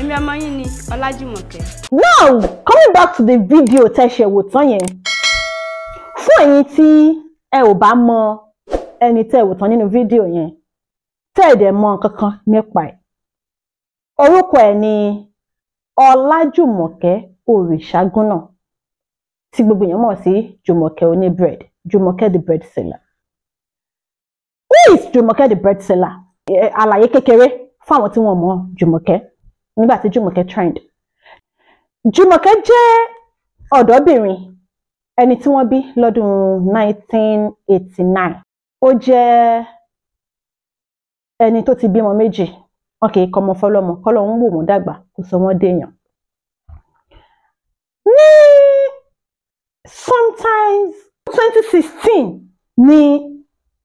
èmi ọmọ yín ni Ọlájùmọ̀kẹ́. now coming back to the video tẹ́ ṣe wò tán yẹn fún ẹ̀yin tí ẹ ò bá mọ ẹni tẹ́ wò tán nínú fídíò yẹn tẹ́ ẹ̀ dẹ̀ mọ kankan nípa ẹ̀ orúkọ ẹ̀ ni Ọlájùmọ̀kẹ́ Òrìṣàgúnà tí gbogbo èèyàn mọ̀ sí Jùmọ̀kẹ́ oníbread Jùmọ̀kẹ́ the bread seller who is Jùmọ̀kẹ́ the bread seller àlàyé kékeré fáwọn tí wọ́n mọ̀ Jùmọ̀kẹ́ nígbà tí Jùmọ̀kẹ́ trend Jùmọ̀kẹ́ jẹ́ ọ̀dọ́bìnrin ẹni tí wọ́n bí lọ́dún 1989 ó jẹ́ ẹni tó ti bímọ méjì wọn kì í kọmọ fọlọ́mọ kọ́lọ́hún wò wọ́n dàgbà kó sọ wọ́n déèyàn. ní sometimes 2016 ni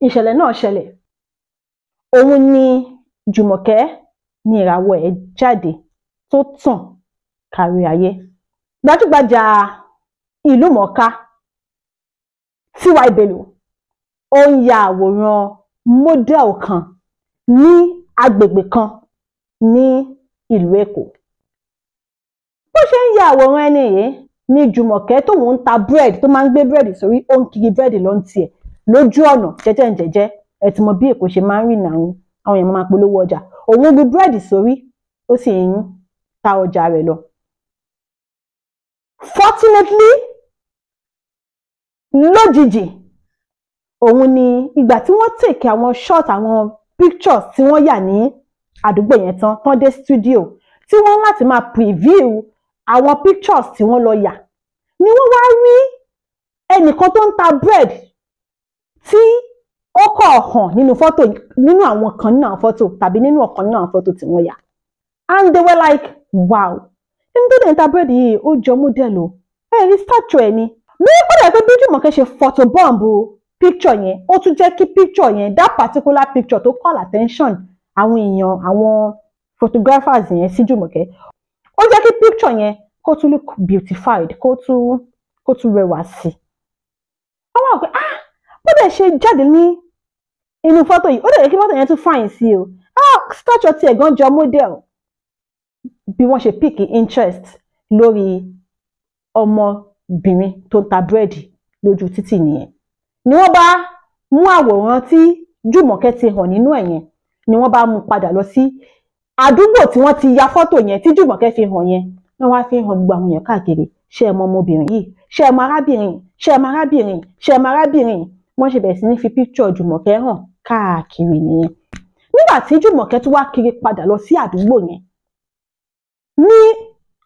ìṣẹ̀lẹ̀ náà ṣẹlẹ̀ òun ni Jùmọ̀kẹ́ ni ìràwọ̀ ẹ̀ jáde tó tàn kárí ayé gbajúgbajà ìlú mọ̀ọ́ká T.Y. Bello ó ń ya àwòrán model kan ní agbègbè kan ní ìlú Èkó bó ṣe ń ya àwòrán ẹni yìí ni Jùmọ̀kẹ́ tóun ń ta búrẹ́dì tó máa ń gbé bread sórí ó ń kiri búrẹ́dì ló ń tiẹ̀ lójú ọ̀nà jẹ́jẹ́ jẹ́jẹ́ ẹ ti bí Èkó ṣe máa ń rìnà àwọn èèyàn máa polówó ọjà òun gbé búrẹ́dì sórí ó sì ń ta ọjà rẹ̀ lọ. fortunately lójijì òun ni ìgbà tí wọ́n tèkè àwọn shot àwọn pictures tí wọ́n yà ní àdúgbò yẹn tán tán dé studio tí wọ́n láti máa preview àwọn pictures tí wọ́n lọ yà ni wọ́n wá rí ẹnìkan tó ń ta bread tí ó kọ̀ hàn nínú fọ́tò nínú àwọn kan nínú àwọn fọ́tò tàbí nínú ọ̀kan nínú àwọn fọ́tò tí wọ́n yà and they were like wow ẹni tó dẹ̀ ń ta búrẹ́dì yìí ó jọ mọ́dẹ̀lì o ẹ̀rí statue ẹ̀ ni bí ó dẹ̀ pé bí Jùmọ̀kẹ́ ṣe photobomb picture yẹn ó tún jẹ́ kí picture yẹn that particular picture tó call attention àwọn èèyàn àwọn photographers yẹn sí Jùmọ̀kẹ́ ó jẹ́ kí picture yẹn kó tún look beautified kó tún kó tún rẹwà sí i wọ́n wà pé ah bó dẹ̀ ṣe jáde ní inú fọ́tò yìí ó dẹ̀ kí fọ́tò yẹn tún fine sí o ah stature tiẹ̀ gan jọ model bí wọ́n ṣe pick interest lórí ọmọbìnrin tó ń ta búrẹ́dì lójú títì nìyẹn ni wọ́n bá mú àwòrán tí Jùmọ̀kẹ́ ti hàn nínú ẹ̀ yẹn ni wọ́n bá mú padà lọ sí àdúgbò tí wọ́n ti ya fọ́tò yẹn tí Jùmọ̀kẹ́ fi hàn yẹn wọ́n wá fi hàn gbogbo àwọn èèyàn káàkiri ṣé ẹ mọ ọmọbìnrin yìí ṣé ẹ mọ arábìnrin ṣé ẹ mọ arábìnrin ṣé ẹ mọ arábìnrin wọ́n ṣe bẹ̀rẹ̀ sí ní fi píkṣọ̀ Jùmọ̀kẹ́ hàn káàkiri nìyẹn nígbà tí Jùmọ̀kẹ́ tún wá kiri padà lọ sí àdúgbò yẹn ní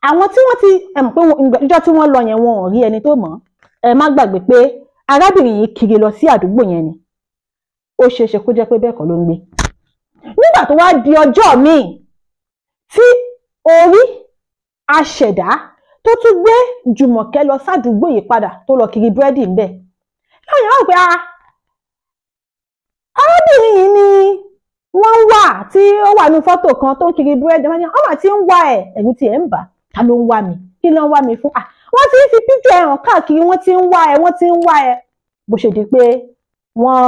àwọn tí wọ́n ti ẹ mọ̀ pé ìjọ́ tí wọ́n lọ yẹn wọn ò rí ẹni tó mọ̀ ẹ má gbàgbé pé arábìnrin yìí kiri lọ sí àdúgbò yẹn ni ó ṣeé ṣe kó jẹ́ pé bẹ́ẹ̀ kọ́ ló ń gbé nígbà tó wá di ọjọ́ míì tí orí aṣẹ̀dá tó tún gbé Jùmọ̀kẹ́ lọ sádùúgbò yìí padà tó lọ kiri búrẹ́dì ńbẹ̀ láwọn yẹn wọ́n pé ah arábìnrin ni wọ́n wà tí ó wà ní fọ́tò kan tó ń kiri búrẹ́dì wọ́n ní ọmọ tí ń wá ẹ̀ ẹ̀rù tiẹ̀ ń bà ta ló ń wá mi kí ló ń wá mi fún à wọ́n ti ń fi píkì ẹ̀hàn káàkiri wọ́n ti ń wá ẹ wọ́n ti ń wá ẹ bó ṣe di pé wọ́n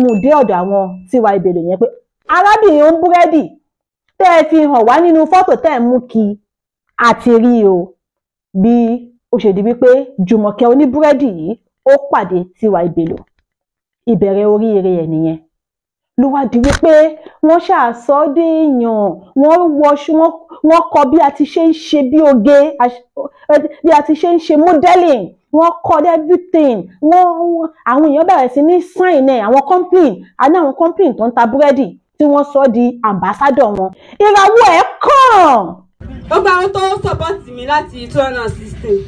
mú dé ọ̀dọ̀ àwọn tiwa ìbèrè yẹn pé arábìnrin ń búrẹ́dì tẹ́ ẹ fi hàn wá nínú fọ́tò tẹ́ ẹ mú kí àti rí o bí ó ṣe di wípé jùmọ̀kẹ́ oníbúrẹ́dì yìí ó pàdé tiwa ìbèlò ìbẹ̀rẹ̀ oríire ẹ̀ nìyẹn ló wá di wípé wọ́n ṣàṣọ déèyàn wọ́n wọṣọ wọ́n kọ bí a ti ṣe ń ṣe bí oge bí a ti ṣe ń ṣe modeling wọ́n kọ everything wọ́n àwọn èèyàn bẹ̀rẹ̀ sí ní sign ẹ̀ àwọn complain àní àwọn complain tó ń ta búrẹ́dì tí wọ́n sọ di ambassador wọn ìràwọ̀ ẹ̀ kàn. gbogbo àwọn tó support mi láti two thousand and sixteen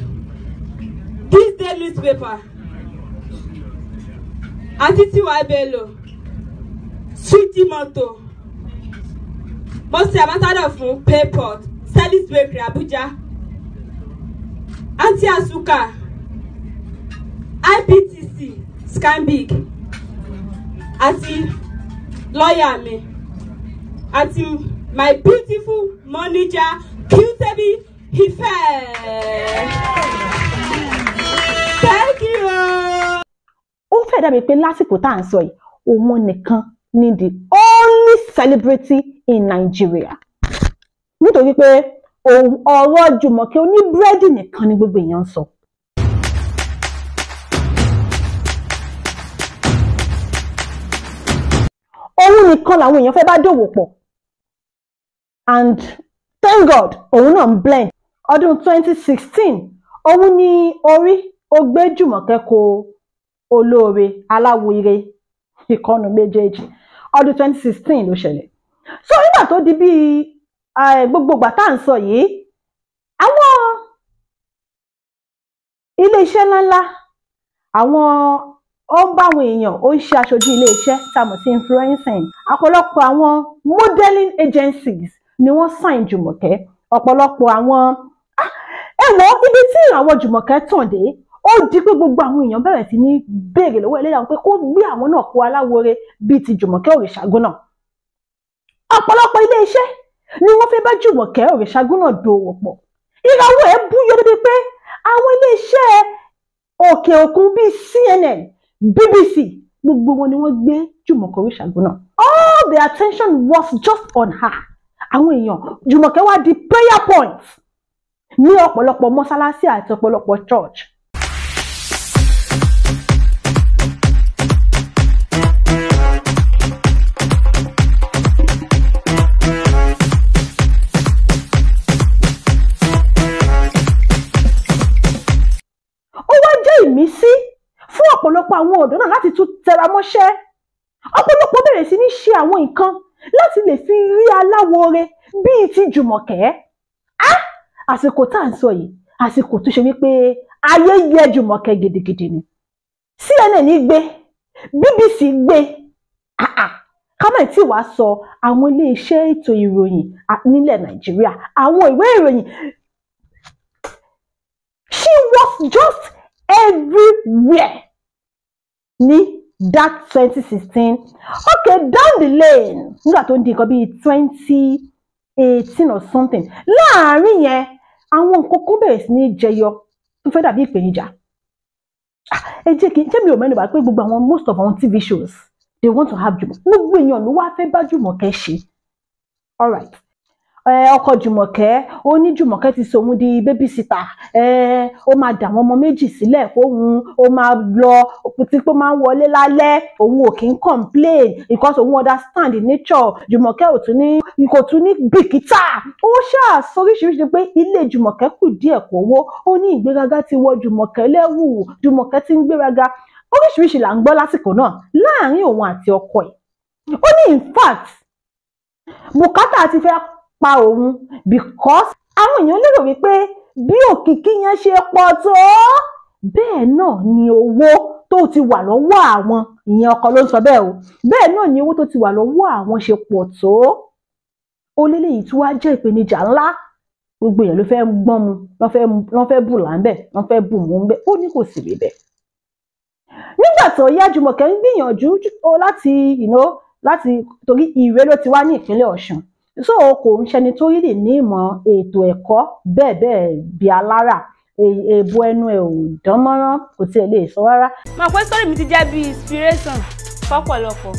this day newspaper àti tiwa bello Chijimoto Moses Amatado fún Payport Stellis Bakery Abuja Aunty Asuka IPTC Scanbic àti lọ́ọ̀yà mi àti my beautiful manager Qtebi Ife. Thank you. Ó fẹ́ dàbí pé lásìkò tá à ń sọ yìí, òun nìkan ni the only celebrity in Nigeria nítorí pé oro jumo ke oníbúrẹ́dì nikan ni gbogbo èèyàn ń sọ. ni nìkan làwọn èèyàn fẹ́ bá and thank God òun na ń blend 2016 òun ni ori ogbe jumo ke ko olore aláwo ìkọnu méjèèjì ọdún 2016 ló ṣẹlẹ̀ so nígbà tó di bíi eh, gbogbo ìgbà tá à ń sọ yìí àwọn iléeṣẹ́ ńláńlá àwọn ó ń báwọn èèyàn ó ń ṣe aṣojú iléeṣẹ́ tá a mọ̀ sí influencing ọ̀pọ̀lọpọ̀ àwọn modeling agencies ni wọ́n sign Jùmọ̀kẹ́ ọ̀pọ̀lọpọ̀ àwọn ah, ẹ wò ibi tí àwọn Jùmọ̀kẹ́ tàn dé ó di pé gbogbo àwọn èèyàn bẹ̀rẹ̀ sí ní béèrè lọ́wọ́ ẹlẹ́dàá pé kó gbé àwọn náà kó aláwore bíi ti jùmọ̀kẹ́ òrìṣàgúnà ọ̀pọ̀lọpọ̀ ilé iṣẹ́ ni wọ́n fẹ́ bá jùmọ̀kẹ́ òrìṣàgúnà dòwò pọ̀ ìràwọ̀ ẹ̀ búyọ débi pé àwọn ilé òkè òkun bíi CNN BBC gbogbo wọn ni wọ́n gbé jùmọ̀kẹ́ òrìṣàgúnà all the attention was just on her àwọn èèyàn jùmọ̀kẹ́ wá di prayer point ní ọ̀pọ̀lọpọ̀ mọ́sálásí àti ọ̀pọ̀lọpọ̀ church ọ̀pọ̀lọpọ̀ àwọn ọ̀dọ́ náà láti tún tẹra ọ̀pọ̀lọpọ̀ bẹ̀rẹ̀ sí ní ṣe àwọn nǹkan láti lè fi rí aláwòore bíi ti jùmọ̀kẹ́ àsìkò tá à ń sọ yìí àsìkò tó ṣe wípé ayé yẹ jùmọ̀kẹ́ gidigidi ni CNN gbé BBC gbé kámẹ́ tí wàá sọ àwọn iléeṣẹ́ ètò ìròyìn nílẹ̀ nàìjíríà àwọn ìwé ìròyìn she was just everywhere ní that twenty sixteen okay down the lane nígbà tó ń di nǹkan bíi twenty eighteen or something láàárín yẹn àwọn nǹkan kó bẹ̀rẹ̀ sí ní jẹyọ tó fẹ́ dàbí ìpèníjà ah, ẹ jẹ́ kí jẹ́ mi ò mẹ́nu bá pé gbogbo àwọn most of our tv shows they want to have Jùmọ̀ gbogbo èèyàn ló wá fẹ́ bá Jùmọ̀kẹ́ ṣe all right ọkọ jùmọ̀kẹ́ ó ní jùmọ̀kẹ́ ti sòun di bébísítà ó máa dà wọn ọmọ méjì sílẹ̀ fóun ó máa lọ tí pé máa ń wọlé lálẹ́ òun ò kí ń complain because òun understand nature jùmọ̀kẹ́ ò tún ní kò tún ní bìkítà ó ṣáà sóríṣiríṣi pé ilé jùmọ̀kẹ́ kù díẹ̀ kó wó ó ní ìgbéraga ti wọ jùmọ̀kẹ́ lẹ́wù jùmọ̀kẹ́ ti ń gbéraga oríṣiríṣi là ń gbọ́ lásìkò náà láàrin òun àti ọkọ ẹ̀ ó ní in fact bùkátà ti fẹ́ pa òun because àwọn èèyàn lérò wípé bí òkìkí yẹn ṣe pọ̀ tó bẹ́ẹ̀ náà ni owó tó ti wà lọ́wọ́ àwọn ìyẹn ọkọ ló ń sọ bẹ́ẹ̀ o bẹ́ẹ̀ náà ni owó tó ti wà lọ́wọ́ àwọn ṣe pọ̀ tó ó léléyìí tí wàá jẹ́ ìpèníjà ńlá gbogbo èèyàn ló fẹ́ gbọ́n mu wọ́n fẹ́ bù láńbẹ̀ wọ́n fẹ́ bù mú ńbẹ̀ ó ní kò sì rí bẹ́ẹ̀. nígbà tó yá Jùmọ̀kẹ́ ń gbìyànjú láti you know láti torí Ìrè ló ti wá ní ìpínlẹ̀ Ọ̀ṣun so kò ń ṣẹni tó yìí ní ìmọ̀ ètò ẹ̀kọ́ bẹ́ẹ̀ bẹ́ẹ̀ bí alára e, èèbù ẹnu ẹ̀ ò dánmọ́rán kò tiẹ̀ lè sọ rárá. mo pẹ́ sórí mi ti jẹ́ bí inspiration fọ́pọ̀lọpọ̀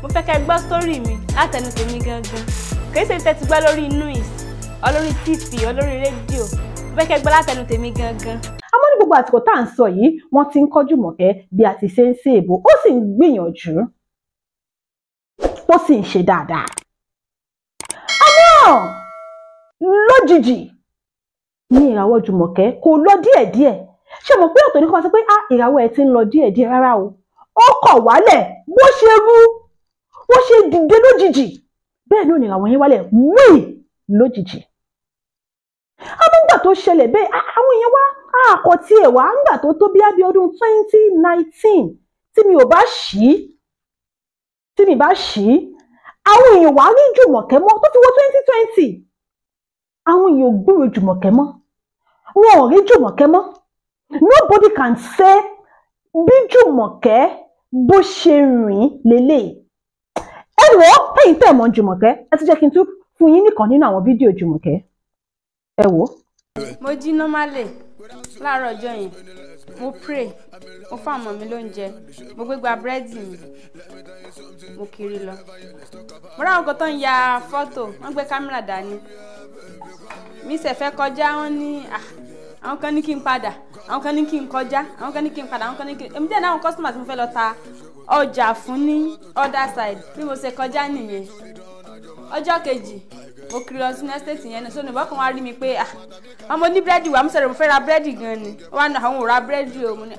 mo fẹ́ kẹ́ gbọ́ sórí mi látẹnu tèmi gangan kìí ṣe tẹ́tí gbọ́ lórí news olórí tv olórí rédíò mo fẹ́ kẹ́ gbọ́ látẹnu tèmi gangan àmọ́ ní gbogbo àsìkò tá à ń sọ yìí wọ́n ti ń kọ́jú mọ̀kẹ́ bí a ti ṣe ń ṣe èbò ó sì ń gbìyànjú ó sì ń ṣe dáadáa náà lójijì ní ìràwọ̀ Jùmọ̀kẹ́ kò lọ díẹ̀díẹ̀ ṣé mo pé ọ̀tọ̀ ní kó máa sọ pé á ah, ìràwọ̀ ẹ̀ ti ń lọ díẹ̀díẹ̀ rárá o ó kọ̀ wálẹ̀ bó ṣe rú bó ṣe dìde lójijì bẹ́ẹ̀ náà nìràwọ̀ yẹn wálẹ̀ wíì lójijì amúgbà tó ṣẹlẹ̀ bẹ́ẹ̀ àwọn èèyàn wá àkọ́ tí ẹ̀ wá ńgbà tó tó bíá bí ọdún 2019 tí mi ò bá ṣí tí mi bá ṣí àwọn èèyàn wà ní jùmọ̀kẹ́ mọ́ tó fi wọ twenty twenty àwọn èèyàn ò gbúrò jùmọ̀kẹ́ mọ́ wọn ò rí jùmọ̀kẹ́ mọ́ nobody can say bí jùmọ̀kẹ́ bó ṣe rìn lélẹ̀ ẹ wọ pẹ̀yìn tẹ̀ mọ́ jùmọ̀kẹ́ ẹ ti jẹ́ kí n tún fún yín nìkan nínú àwọn fídíò jùmọ̀kẹ́ ẹ wò. mo jí normally láàárọ̀ ọjọ́ yẹn mo pray mo fún àmọ́ mi lóúnjẹ mo gbé gba búrẹ́dì mi mo kiri lọ mo ráwọn kan tó ń ya fọ́tò wọ́n gbé kámẹ́rà dání mi ṣe fẹ́ kọjá wọ́n ní àwọn kan ní kí n padà àwọn kan ní kí n kọjá àwọn kan ní kí n padà àwọn kan ní kí n èmi díẹ̀ náà àwọn customers mo fẹ́ lọ ta ọjà fún ní other side bí mo ṣe kọjá nìyẹn ọjọ́ kejì mo kiri lọ sí estate yẹn náà sọ ní ìbọ̀kan wá rí mi pé ọmọ ní búrẹ́dì wà mo sọ̀rọ̀ mo fẹ́ ra búrẹ́dì gan ni wọ́n á nà àwọn ò ra búrẹ́dì o mo ní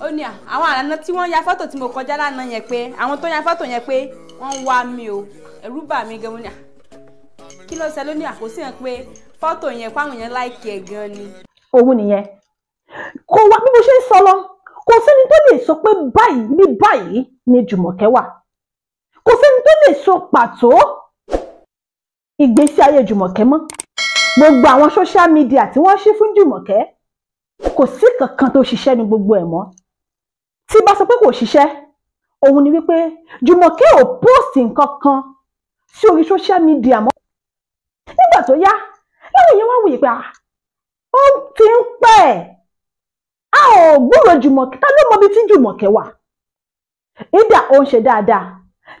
ó ní àwọn àlànà tí wọ́n ya fọ́tò tí mo kọjá lánàá yẹn pé àwọn tó ya fọ́tò yẹn pé wọ́n ń wá mi o ẹ̀rú bà mí gan mo ní à kí ló ṣe ló ní àkóso yẹn pé fọ́tò yẹn páwọn yẹn láìkì ẹ̀ gan ni. òun nìyẹn kò wá bí mo ṣe ń sọ lọ kò sẹ́ni tó lè sọ pé báyìí ní báyìí ni Jùmọ̀kẹ́ wà kò sẹ́ni tó lè sọ pàtó ìgbésí ayé Jùmọ̀kẹ́ mọ́ gbogbo àwọn social media tí wọ́n ṣí fún Jùmọ̀kẹ́ kò sí kankan tó ṣiṣẹ́ ní gbogbo ẹ̀ mọ́ tí bá sọ pé kò ṣiṣẹ́ òun ni wípé Jùmọ̀kẹ́ ò póòsì nǹkan kan sí orí social media mọ́ nígbà tó yá láwọn èèyàn wá wòye pé ah, ó ti ń pẹ́ a ò gbúrò Jùmọ̀kẹ́ tá ló mọ ibi tí Jùmọ̀kẹ́ wà ìdá ó ń ṣe dáadáa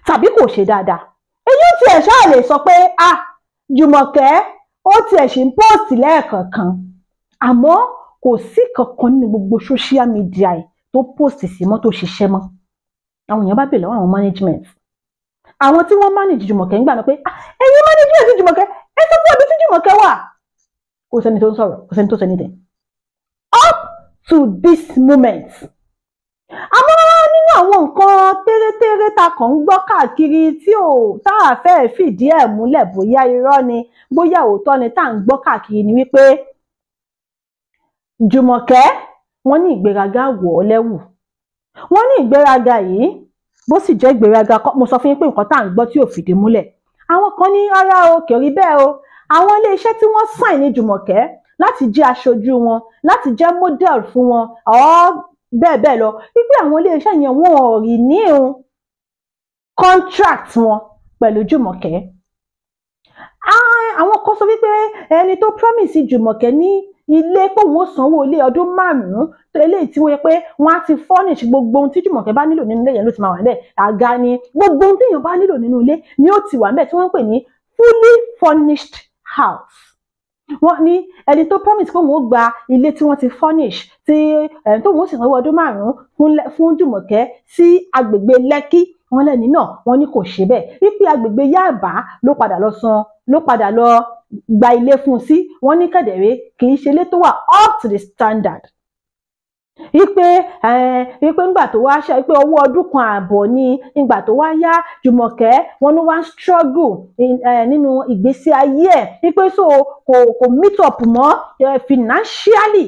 tàbí kò ṣe dáadáa èyí tí ẹ̀ ṣáà lè sọ pé a ah, Jùmọ̀kẹ́ ó tiẹ̀ ṣì ń póòsì lẹ́ẹ̀kọ̀ọ̀kan àmọ́ kò sí kankan nínú gbogbo social media ẹ̀ tó post sí mọ́ tó ṣiṣẹ́ mọ́ àwọn èèyàn bá bèèrè lọ́wọ́ àwọn management àwọn tí wọ́n manage Jùmọ̀kẹ́ ń gbà náà pé ah, ẹ̀yin management Jùmọ̀kẹ́ ẹ tó fún ọbí tí Jùmọ̀kẹ́ wà kò sẹ́ni tó ń sọ̀rọ̀ kò sẹ́ni tó sẹ́ni dẹ̀ up to this moment àmọ́ nínú àwọn nǹkan tẹ́rẹ́tẹ́rẹ́ ta kàn ń gbọ́ káàkiri tí ò tá a fẹ́ fìdí ẹ̀ múlẹ̀ bóyá irọ́ ni bóyá òótọ́ ni tá à ń gbọ́ káàkiri ni wípé jùmọ̀kẹ́ wọ́n ní ìgbéraga wọ̀ ọ́ lẹ́wù wọ́n ní ìgbéraga yìí bó sì jẹ́ ìgbéraga mo sọ fún yín pé nǹkan tá à ń gbọ́ tí ò fìdí múlẹ̀ àwọn kan ní rárá o kò rí bẹ́ẹ̀ o àwọn iléeṣẹ́ tí wọ́n sàn ní jùmọ̀kẹ́ láti jẹ́ aṣojú wọn láti jẹ́ model fún wọn ọ̀ bẹ́ẹ̀ bẹ́ẹ̀ lọ wípé àwọn iléeṣẹ́ yẹn wọn ò rí ní ìhun contract wọn pẹ̀lú jùmọ̀kẹ́ àwọn kan sọ wípé ẹni tó promise jùmọ̀kẹ́ ní ilé pòun ó sanwó ilé ọdún márùn-ún eléyìí tí wọ́n yẹ pé wọ́n á ti furnish gbogbo ohun tí Jùmọ̀kẹ́ bá nílò nínú ilé yẹn ló ti máa wà níbẹ̀ àga ni gbogbo ohun téèyàn bá nílò nínú ilé ni ó ti wà níbẹ̀ tí wọ́n ń pè ní fully furnished house wọ́n ní ẹni tó promise pé òun ó gba ilé tí wọ́n ti furnish tí eh, tóun ó sì sanwó ọdún márùn-ún fún Jùmọ̀kẹ́ sí agbègbè Lẹ́kí wọ́n lẹ́ni náà wọ́n ní kò ṣe bẹ́ẹ̀ wípé agbègbè Yáàbá ló padà lọ san ló padà lọ gba ilé fún un sí wọ́n ní kẹ̀dẹ̀rẹ́ kì í ṣe ilé tó wà up to the standard ipe ipe ngbà tó wá ṣá ipe owó ọdún kan ààbọ̀ ni ngbà tó wá yá Jùmọ̀kẹ́ wọn ló wá ń struggle nínú ìgbésí ayé ẹ̀ ipe so kò kò meet up mọ́ financially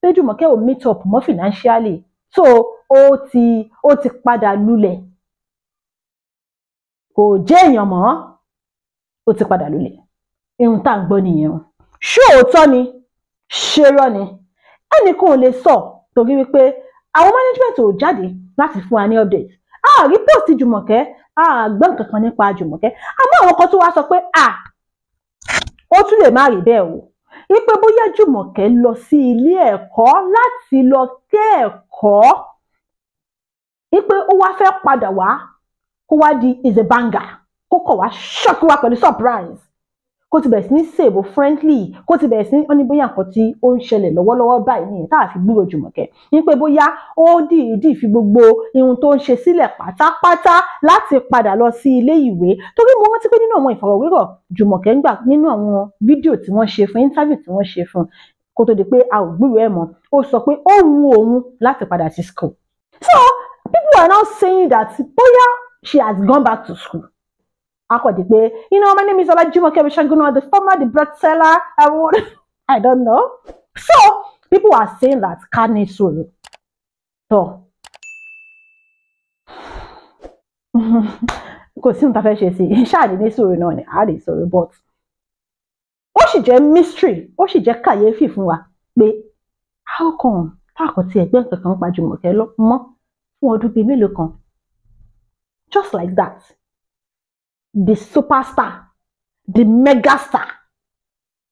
pé Jùmọ̀kẹ́ ò meet up mọ́ financially so ó ti ó ti padà lulẹ̀ kò jẹ́ èèyàn mọ́ ó ti padà lulẹ̀ ohun tá à ń gbọ́ nìyẹn o ṣé òótọ́ ni ṣé rọ́ ni ẹnìkan ò lè sọ torí wípé àwọn management ò jáde láti fún wa ní update àárí post jùmọ̀kẹ́ àgbọ̀n nǹkan kan nípa jùmọ̀kẹ́ àmọ́ àwọn kan tó wá sọ pé à ó tún lè má rí bẹ́ẹ̀ o wípé bóyá jùmọ̀kẹ́ lọ sí ilé ẹ̀kọ́ láti lọ kẹ́ ẹ̀kọ́ wípé ó wá fẹ́ padà wá kó wá di ìzẹ̀báǹgà kó kọ̀ wá ṣọ́ọ̀kì wá pẹ̀lú surprise kó ti bẹ̀rẹ̀ sí ní sèbò friendly kó ti bẹ̀rẹ̀ sí ní ọ́nì bóyá nǹkan tí ó ń ṣẹlẹ̀ lọ́wọ́lọ́wọ́ báyìí nìyẹn tá a fi gbúrò Jùmọ̀kẹ́ ní pé bóyá ó dìídì fi gbogbo ihun tó ń ṣe sílẹ̀ pátápátá láti padà lọ sí ilé ìwé torí mo rántí pé nínú àwọn ìfọ̀rọ̀wérọ̀ Jùmọ̀kẹ́ ń gbà nínú àwọn fídíò tí wọ́n ṣe fún íńtábìù tí wọ́n ṣe fún kó tó di pé a ò gbúrò ẹ̀ mọ́ ó sọ pé ó wu òun láti so people are now saying that bóyá she has gone back to school akọ̀dé pé you know my name is Olajumoke Orishangunan the former the bread seller award I don't know so people are saying that ká ní So, tọ́ kò sí nǹkan fẹ́ ṣe sí i ṣáàdì ní sùúrù náà ni àárẹ̀ sọ̀rọ̀ but ó sì jẹ́ mystery ó sì jẹ́ kàyéfì fún wa pé how come táàkọ̀ tí ẹgbẹ́ nǹkan kan pa Jùmọ̀kẹ́ lọ mọ́ fún ọdún bíi mélòó kan just like that the superstar, the megastar,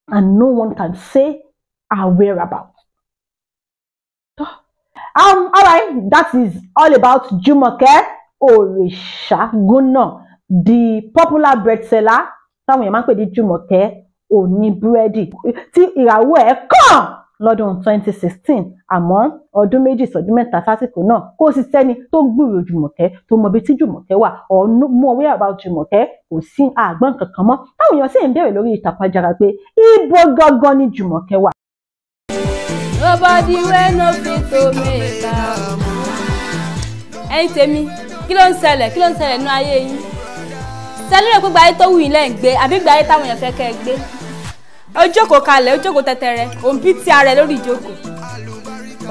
and no one can say our whereabouts. Um, all right, that is all about Jumoke Orishaguna, the popular bread seller. Some èèyàn máa ń pè ní Jumoke Oníbúrẹ́dì tí ìràwọ̀ ẹ̀ come lọ́dún 2016 àmọ́ ọdún méjì sọdún mẹ́ta sásìkò náà kò sì sẹ́ni tó gbúrò jùmọ̀kẹ́ tó mọ ibi tí jùmọ̀kẹ́ wà or know where about jùmọ̀kẹ́ kò sí àgbọn kankan mọ́ táwọn èèyàn sì ń bẹ̀rẹ̀ lórí ìtàkùn ajára pé ibo gangan ni jùmọ̀kẹ́ wà. nobody wey no fit to make am. ẹ̀yin tèmi kí ló ń ṣẹlẹ̀ kí ló ń ṣẹlẹ̀ nínú ayé yín ṣẹlẹ̀ rẹ̀ pé gbàyé tó wù yín lẹ́ ń gbé àbí gbàyé táwọn èèyàn fẹ́ kẹ́ ẹ ojókòó kalẹ̀ ojókòó tẹtẹrẹ òun bí ti ara ẹ lórí ìjókòó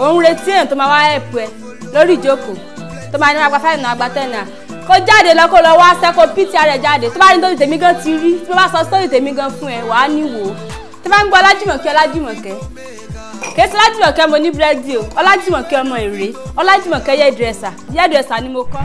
òun retí èèyàn tó máa wá ẹ̀pù ẹ lórí ìjókòó tó máa ní agba fáìnà agba tẹ́nà kó jáde lọ kó lọ wá sẹ́kọ̀ bí ti ara ẹ jáde tó bá ní tó tèmi gan ti rí tó bá sọ sórí tèmi gan fún ẹ wàá níwò tó bá ń gbọ́ ọlájùmọ̀kẹ́ ọlájùmọ̀kẹ́ kèé sí ọlájùmọ̀kẹ́ mo ní búrẹ́dì o ọlájùmọ̀kẹ́ ọmọ èrè ọlájùmọ̀kẹ́ yẹ́dìrẹ́sà yẹ́dìrẹ́sà ni mo kọ́.